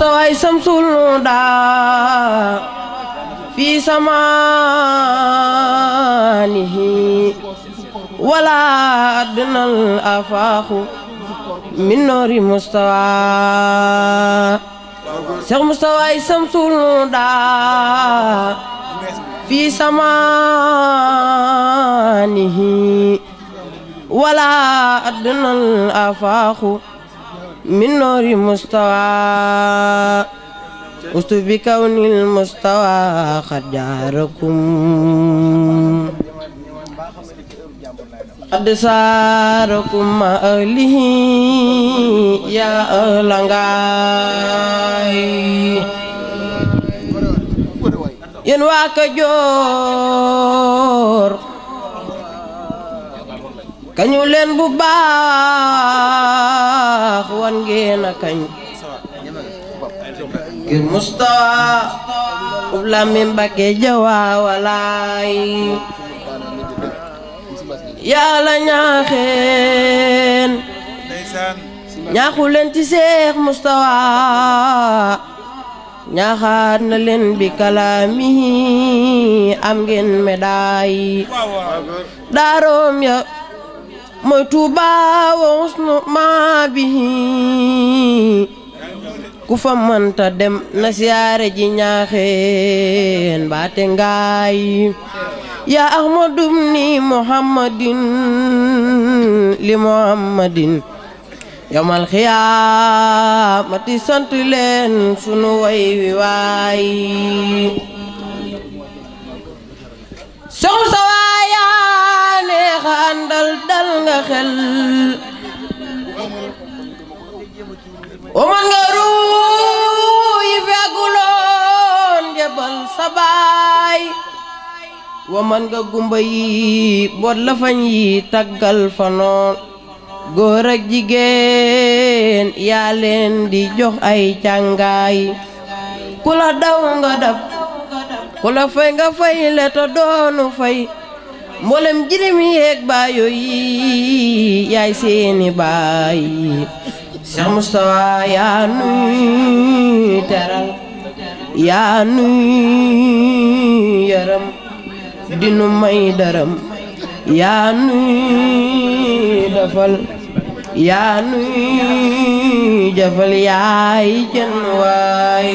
مستواي شمس الهدى في سمانه ولا أدنى الأفاق من نور مستوى شيخ مستواي شمس الهدى في سمانه ولا أدنى الأفاق من نور مستوى وست بكون المستوى قد جاركم قد ساركم مع أهله يا أهل ين واك جور kañu leen bu baax wan ngeen a kañu ngir mustawa ub lammi Mbàkke jawa walaay yàlla ñaaxeen ñaaxu leen ci seex mustawa ñaaxaat na leen bi kalaami am ngeen médaille daaroom ya mooy Touba wa xusnu maa bihi ku fa mënta dem na siyaare ji ñaaxeen baate ngaay yaa ahmadum ni muhammadin li muhammadin yawmal xiyaamati sant leen sunu way wi waay xel woman nga ruu yi feeguloon jebal sa baay woman nga gumba yi boot lafañ yi taggal fanoon góor ak jigéen yaa leen di jox ay càngaay ku daw nga dab ku fay nga fay le doonu fay mboolem jirim yeeg baayo yi yaay seeni baay Cheikh Moustapha yaa nuy teral yaa nuy yaram dinu may daram yaa nuy dafal yaa nuy jafal yaay jën waay